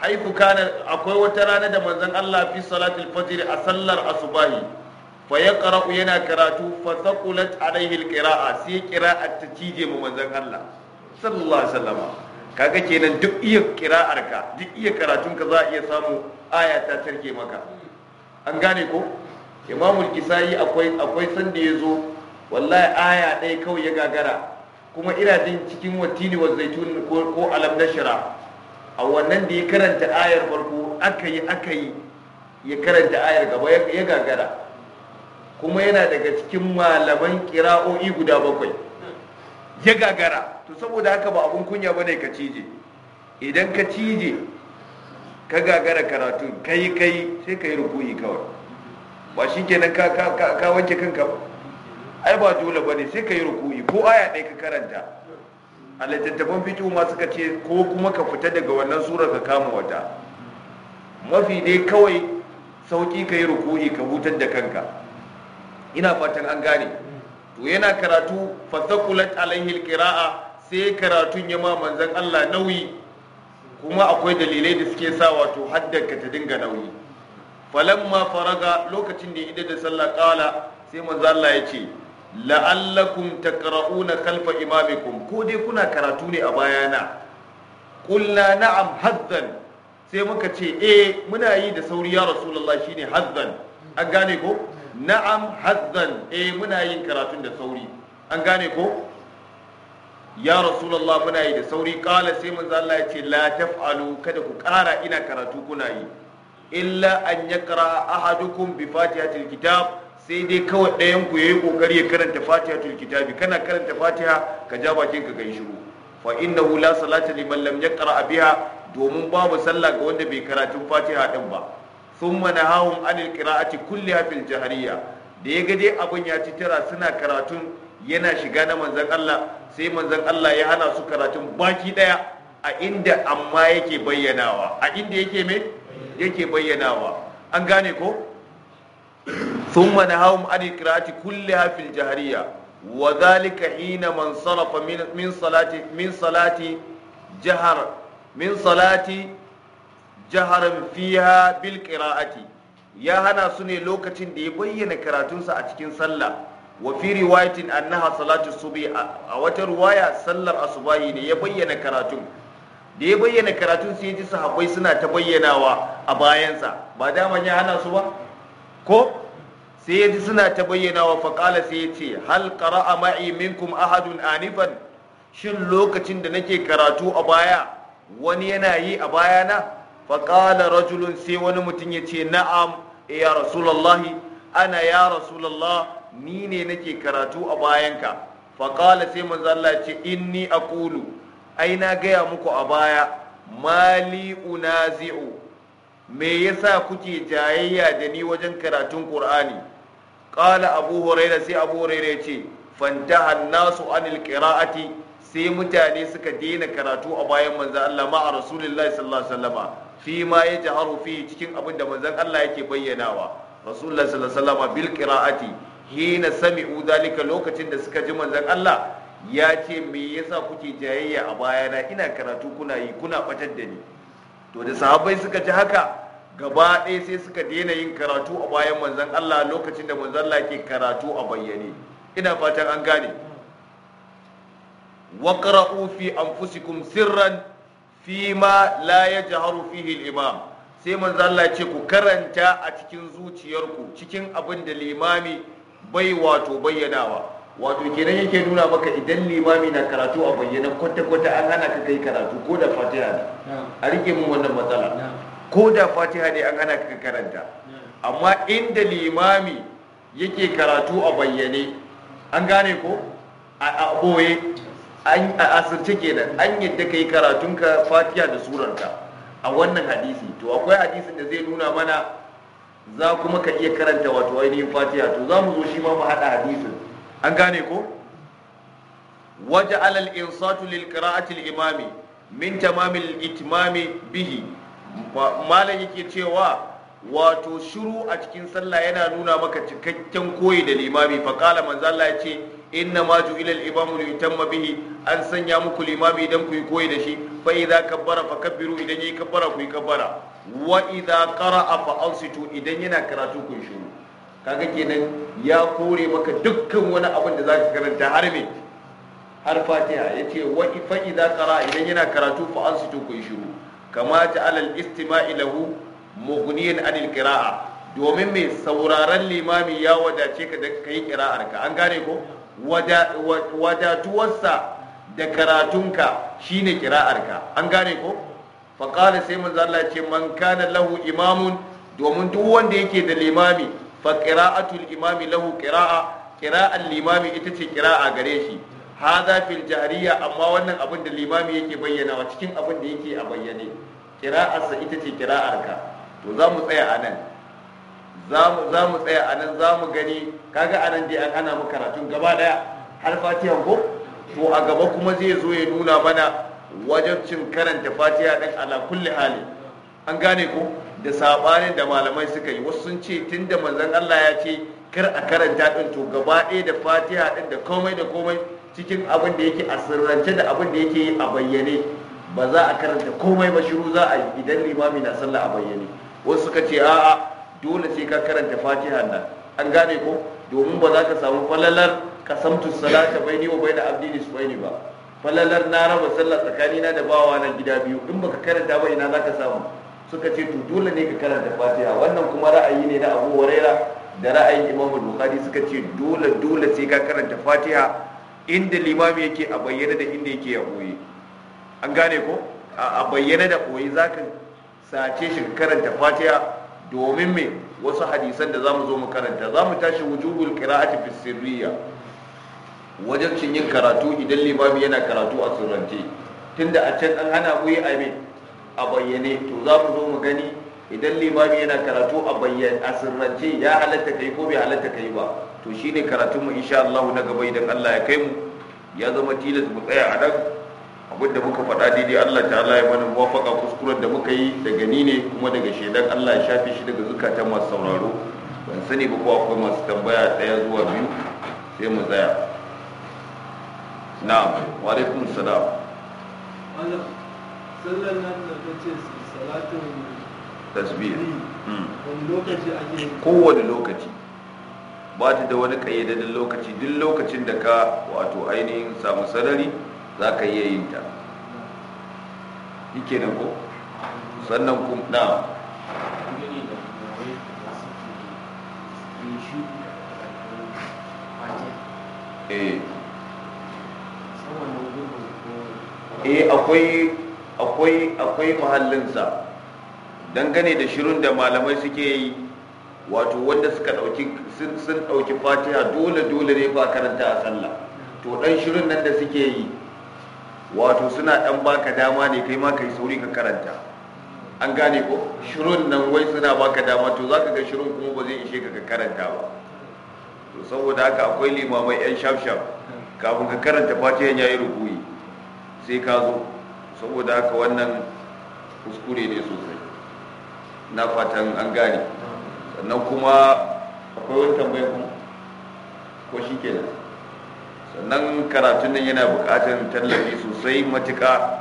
haifu kana akwai wata rana da manzon Allah fi salatul fajr a sallar asubahi fa yaqra'u yana karatu fa thaqulat alayhi alqira'a sai qira'a ta cije mu manzon Allah sallallahu alaihi wasallam kaga kenan duk iya ka duk iya karatunka za a iya samu aya ta tarke maka an gane ko imamul kisayi akwai akwai sanda yazo wallahi aya ɗaya kawai ya gagara kuma ina jin cikin watini wa zaitun ko alam shira, a wannan da ya karanta ayar farko aka yi aka yi ya karanta ayar gaba ya gagara kuma yana daga cikin malaman kira'o'i guda bakwai ya gagara to saboda haka ba abun kunya ba bane ka cije idan ka cije ka gagara karatu kai kai sai ka yi rukuni kawai ba shi kenan ka wanke kanka ba ai ba dole bane sai ka yi ruku'i ko aya ɗaya ka karanta a littattafan fito ma suka ce ko kuma ka fita daga wannan surar ka kama wata mafi dai kawai sauki ka yi ruku'i ka hutar da kanka ina fatan an gane to yana karatu fasakulat alaihi alqira'a sai karatun ya ma manzan Allah nauyi kuma akwai dalilai da suke sa wato ka ta dinga nauyi falamma faraga lokacin da ya ida da sallah kala sai manzo Allah ya ce la'allakum taqra'una khalfa imamikum ko dai kuna karatu ne a bayana qulna na'am hazzan sai muka ce eh muna yi da sauri ya rasulullah shine hazzan an gane ko na'am hazzan eh muna yin karatun da sauri an gane ko ya rasulullah muna yi da sauri kala sai manzo Allah ya ce la taf'alu kada ku kara ina karatu kuna yi illa an yaqra ahadukum bi fatihatil kitab sai dai kawai ɗayan ku yayi kokari ya karanta fatiha tul kitabi kana karanta fatiha ka ja bakin ka kai shiru fa innahu la salata liman lam yaqra biha domin babu sallah ga wanda bai karatu fatiha din ba thumma nahawum anil qira'ati kulliha fil jahriya da ya dai abun ya ci tara suna karatun yana shiga na manzon Allah sai manzon Allah ya hana su karatun baki daya a inda amma yake bayyanawa a inda yake me yake bayyanawa an gane ko Sun nahawum an qira'ati kulliha fil jahriya wa dhalika hina man sarafa min salati min salati jahar min ya hana su ne lokacin da ya bayyana karatunsa a cikin sallah wa fi riwayatin salatu subhi a wata riwaya sallar asubahi ne ya bayyana karatun da ya bayyana karatun sai ji sahabbai suna ta bayyanawa a bayansa ba daman ya hana su ba ko sai ya suna ta bayyana wa faƙala sai ya ce hal a ma'i minkum ahadun anifan shin lokacin da nake karatu a baya wani yana yi a baya na faƙala rajulun sai wani mutum ya ce na'am e ya Rasulallah! ana ya rasulallah ni ne nake karatu a bayanka faƙala sai manzo Allah ce inni aqulu ai na gaya muku a baya mali unazi'u me yasa kuke jayayya da ni wajen karatun ƙur'ani? qala abu huraira sai abu huraira ce fantaha nasu anil qira'ati sai mutane suka daina karatu a bayan manzon Allah ma a rasulullahi sallallahu alaihi wasallama fi ma yajharu fi cikin abin da manzon Allah yake bayyanawa rasulullahi sallallahu alaihi wasallama bil qira'ati hina sami'u dalika lokacin da suka ji manzan Allah ya ce me yasa kuke jayayya a bayana ina karatu kuna yi kuna batar da ni to da sahabai suka ji haka gaba ɗaya sai suka daina yin karatu a bayan manzan Allah lokacin da manzan Allah ke karatu a bayyane ina fatan an gane qara'u fi anfusikum sirran fi ma la yajharu fihi al-imam sai manzan Allah ce ku karanta a cikin zuciyarku cikin abin da limami bai wato bayyanawa wato kenan yake nuna maka idan limami na karatu a bayyane kwata-kwata an hana ka kai karatu ko da fatiha ne a rike mun wannan matsala ko da fatiha ne an hana ka karanta amma inda limami yake karatu a bayyane an gane ko a boye a asirce kenan an yadda ka yi karatunka fatiha da surarka a wannan hadisi to akwai hadisin da zai nuna mana za kuma ka iya karanta wato ainihin fatiha to za mu zo shi ma mu haɗa hadisin an gane ko waje alal insatu lil qira'ati al imami min tamamil itmami bihi malam yake cewa wato shiru a cikin sallah yana nuna maka cikakken koyi da limami fa Manzala manzo Allah ya ce inna ma ju'ila al-imamu li yutamma bihi an sanya muku limami dan ku yi koyi da shi fa idza kabbara fa kabbiru idan yayi kabbara ku yi kabbara wa idza qara'a fa ansitu idan yana karatu ku yi shiru kaga kenan ya kore maka dukkan wani abin da zaka karanta har me har fatiha yace wa fa idza idan yana karatu fa ansitu ku yi shiru kama alal istima'i lahu mughniyan anil qira'a domin mai sauraron limami ya wadace ka da kai qira'ar ka an gane ko wadatuwarsa da karatunka shine qira'ar ka an gane ko fa qala sai manzo Allah ce man kana lahu imamun domin duk wanda yake da limami fa qira'atul imami lahu qira'a qira'al limami ita ce qira'a gare shi hada fil jariya amma wannan abin da limami yake bayyanawa cikin abin da yake a bayyane kira'arsa ita ce ka to za mu tsaya a nan za mu tsaya a nan za mu gani kaga a nan dai an ana mu karatun gaba daya har fatiha ko to a gaba kuma zai zo ya nuna mana wajabcin karanta fatiha din ala kulli hali an gane ko da sabanin da malamai suka yi wasu sun ce tunda manzon Allah ya ce kar a karanta din to gaba ɗaya da fatiha din da komai da komai cikin abin da yake a sirrance da abin da yake a bayyane ba za a karanta komai ba shiru za a yi idan limami na sallah a bayyane wasu suka ce a'a dole sai ka karanta fatiha nan an gane ko domin ba za ka samu falalar kasamtu salata ni wa baina abdi nisbaini ba falalar na raba sallah tsakanina da bawa na gida biyu in baka karanta ba ina za ka samu suka ce to dole ne ka karanta fatiha wannan kuma ra'ayi ne na abu waraira da ra'ayin imamu bukhari suka ce dole dole sai ka karanta fatiha inda limami yake a bayyana da inda yake ya ɓoye an gane ko a bayyana da ɓoye za ka sace shi karanta fatiha domin me wasu hadisan da za mu zo mu karanta za mu tashi wujubul qira'ati fi sirriya wajen cin yin karatu idan limami yana karatu a surrance tunda a can an hana mu a bayyane to za mu zo mu gani idan limami yana karatu a bayyan a ya halatta kai ko bai halatta kai ba to shine karatun mu insha Allah na gaba idan Allah ya kai mu ya zama tilas mu tsaya a nan abin da muka faɗa daidai Allah ta'ala ya mana muwafaka kuskuren da muka yi daga ni ne kuma daga shedan Allah ya shafe shi daga zukatan masu sauraro ban sani ba ko akwai masu tambaya ɗaya zuwa biyu sai mu tsaya na'am wa alaikum salam sallan nan da kace salatin tasbih hmm. kowane lokaci ba ta da wani kayyadadin lokaci duk lokacin da ka wato ainihin samu sarari za ka iya yin ta kenan ko sannan kuma na eh. eh akwai akwai akwai mahallinsa dangane da shirin da malamai suke yi wato wanda suka dauki sun dauki fatiha dole dole ne ba karanta a sallah to dan shirin nan da suke yi wato suna dan baka dama ne kai ma kai sauri ka karanta an gane ko shirin nan wai suna baka dama to zaka ga shirin kuma ba zai ishe ka ka karanta ba to saboda haka akwai limamai yan shafshaf kafin ka karanta fatiha yayi rubuyi sai ka zo saboda haka wannan kuskure ne sosai na fatan an gane sannan kuma akwai wani tambayi kuma ko shi ke sannan karatun nan yana buƙatar tallafi sosai matuka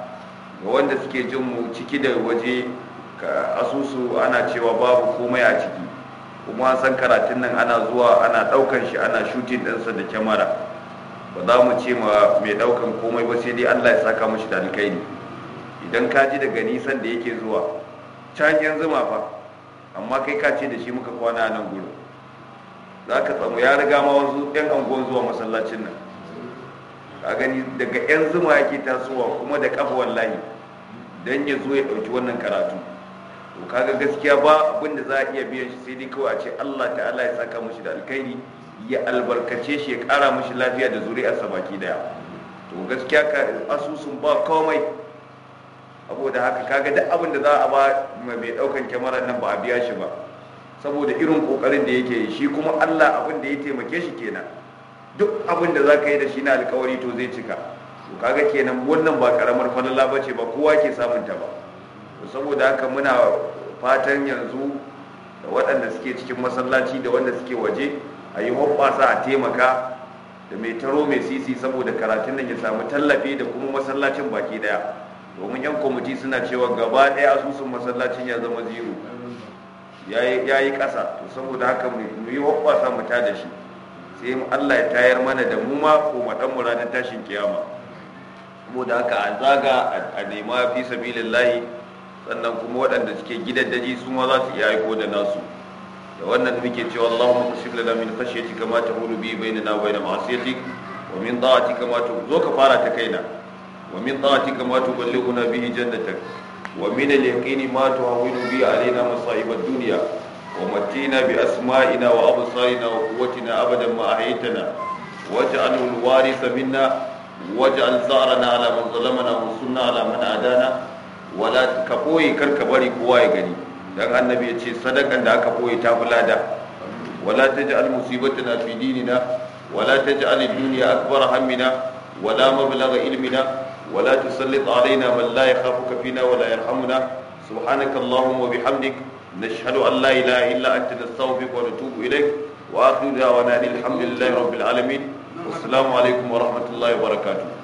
ga wanda suke jin mu ciki da waje asusu ana cewa babu komai a ciki kuma san karatun nan ana zuwa ana ɗaukan shi ana shutin ɗinsa da kyamara ba za mu ce ma mai ɗaukan komai ba sai dai allah ya saka mashi da alkai idan ka ji daga nisan da yake zuwa cakin zuma fa amma kai ka ce da shi muka kwana a nan gudu za ka tsamu ya riga ma wasu 'yan angon zuwa masallacin nan ka gani daga 'yan zuma yake tasowa kuma da kafa wallahi don ya zo ya ɗauki wannan karatu to kaga gaskiya ba abin da za a iya biyan shi sai dai kawai a ce allah ta'ala ya saka mushi da alkhairi ya albarkace shi ya kara mushi lafiya da zuri'arsa baki daya to gaskiya ka asusun ba komai saboda haka kaga duk abin da za a ba mai daukan kyamarar nan ba a biya shi ba saboda irin kokarin da yake shi kuma Allah abin da ya taimake shi kenan duk abin da ka yi da shi na alkawari to zai cika to kaga kenan wannan ba karamar falala bace ba kowa ke samun ta ba saboda haka muna fatan yanzu da waɗanda suke cikin masallaci da wanda suke waje a yi hoɓɓasa a taimaka da mai taro mai sisi saboda karatun nan ya samu tallafi da kuma masallacin baki daya domin yan kwamiti suna cewa gaba ɗaya asusun masallacin ya zama zero ya yi ƙasa to saboda haka mu yi hoɓɓasa mu ta da shi sai allah ya tayar mana da mu ma ko maɗan mu ranar tashin kiyama saboda haka a zaga a nema fi sabilillahi sannan kuma waɗanda suke gidan daji su ma za su iya aiko da nasu da wannan muke cewa Allahumma qasib lana min khashyatika ma tahulu bi bainana wa bain ma'asiyatik wa min da'atika ma tu zo ka fara ta kaina wa min ta'atika ma tuballighuna bihi jannatak wa min al-yaqini ma tuhawwinu bi alayna masa'ib ad-dunya wa matina bi asma'ina wa absarina wa quwwatina abadan ma ahaytana waj'alhu al-waritha minna waj'al za'rana ala man zalamana wa sunna ala man adana wa la takoyi karka bari kowa ya gani dan annabi ya ce sadakan da aka koyi ta bulada wa la taj'al musibatana Wala dinina wa la taj'al ad-dunya akbar hammina wa la mablagha ilmina ولا تسلط علينا من لا يخافك فينا ولا يرحمنا سبحانك اللهم وبحمدك نشهد ان لا اله الا انت نستغفرك ونتوب اليك واخر دعوانا الحمد لله رب العالمين والسلام عليكم ورحمه الله وبركاته